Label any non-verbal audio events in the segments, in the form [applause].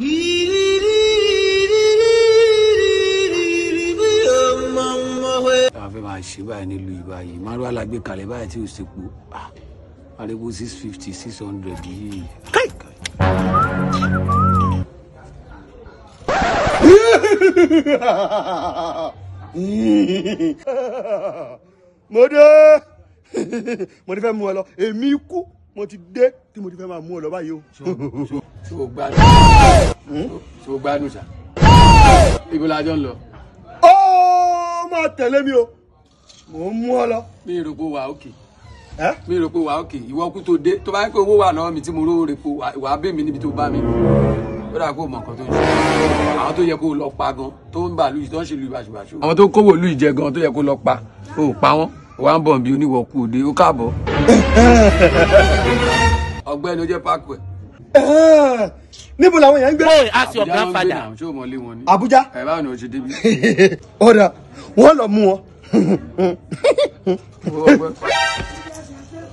fẹ́ ṣe báyìí nílùú ìbáyìí márùn alágbé kalẹ̀ báyìí tí ò sepo ariwo six fifty six hundred yìí. mo dé mo ti fẹ́ mú ọ lọ èmi kú mo ti dé tí mo ti fẹ́ máa mú ọ lọ báyìí o tí o gbádùn tí o gbádùn ṣá ibo la jọ ń lọ. ó máa tẹ̀lé mi o mò ń mú ọ lọ. mi ò rò pé wà òkè mi ò rò pé wà òkè ìwọ kú tó dé tó bá yẹ pé owó wà lọ́wọ́ mi tí mo rò rè po wà á bè mí níbi tó bá mi ó dà kó mọ nǹkan tó ń ṣe àwọn tó yẹ kó lọ pa gan tó ń bà lùyìí tó ń ṣe lùyìí bàṣubàṣu. àwọn tó kówó lùyìí jẹ gan tó yẹ kó lọ pa ó pa wọn wà ń bọ̀ bí oníwọ̀kú òde ó káàbọ̀. [laughs] ọgbẹ́ni ó jẹ́ pákó ẹ̀. Eh, níbo làwọn èèyàn ń gbé. wọ́n ask your grandfather. Abuja. ẹ báwo ni o ṣe débi. [laughs] ọ̀dà wọ́n lọ mú wọn.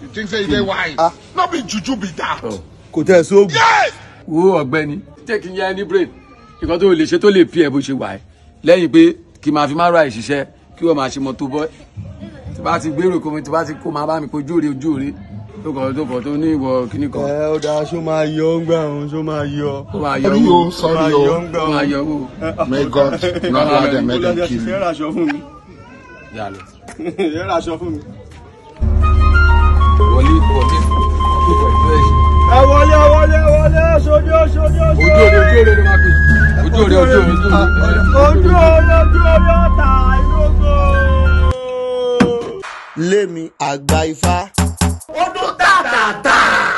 you think say you dey wise. no be juju be that. kò tẹ̀ sóògùn. wo ọ̀gbẹ́ni jẹ́ kí n brain nǹkan tó lè ṣe tó lè pí ẹ bó ṣe wà ẹ lẹ́yìn pé kì máa fi máa ra ìṣiṣẹ́ kí wọ́n máa ṣe mọ́tò bọ́ tí bá ti gbèrò kó mi tí bá ti kó máa bá mi kojú òre ojú tó kọ tó kọ tó ní ìwọ kíní kan. ẹ ó dáa ṣó máa yọ ń gbà òun ṣó máa yọ. ó máa yọ wò ó máa máa yọ wò. may God [laughs] not allow them make them kill you. ẹ ra aṣọ fún mi. yàrá. ẹ ra aṣọ fún mi. wọlé wọlé. ẹ wọlé wọlé wọlé sojú sojú sojú. ojú òde ojú òde ló máa pè. ojú òde ojú òde ojú òde. ojú òde ojú òde ọ̀tà ìlú lémi àgbà ifá ó dún tààtàtà.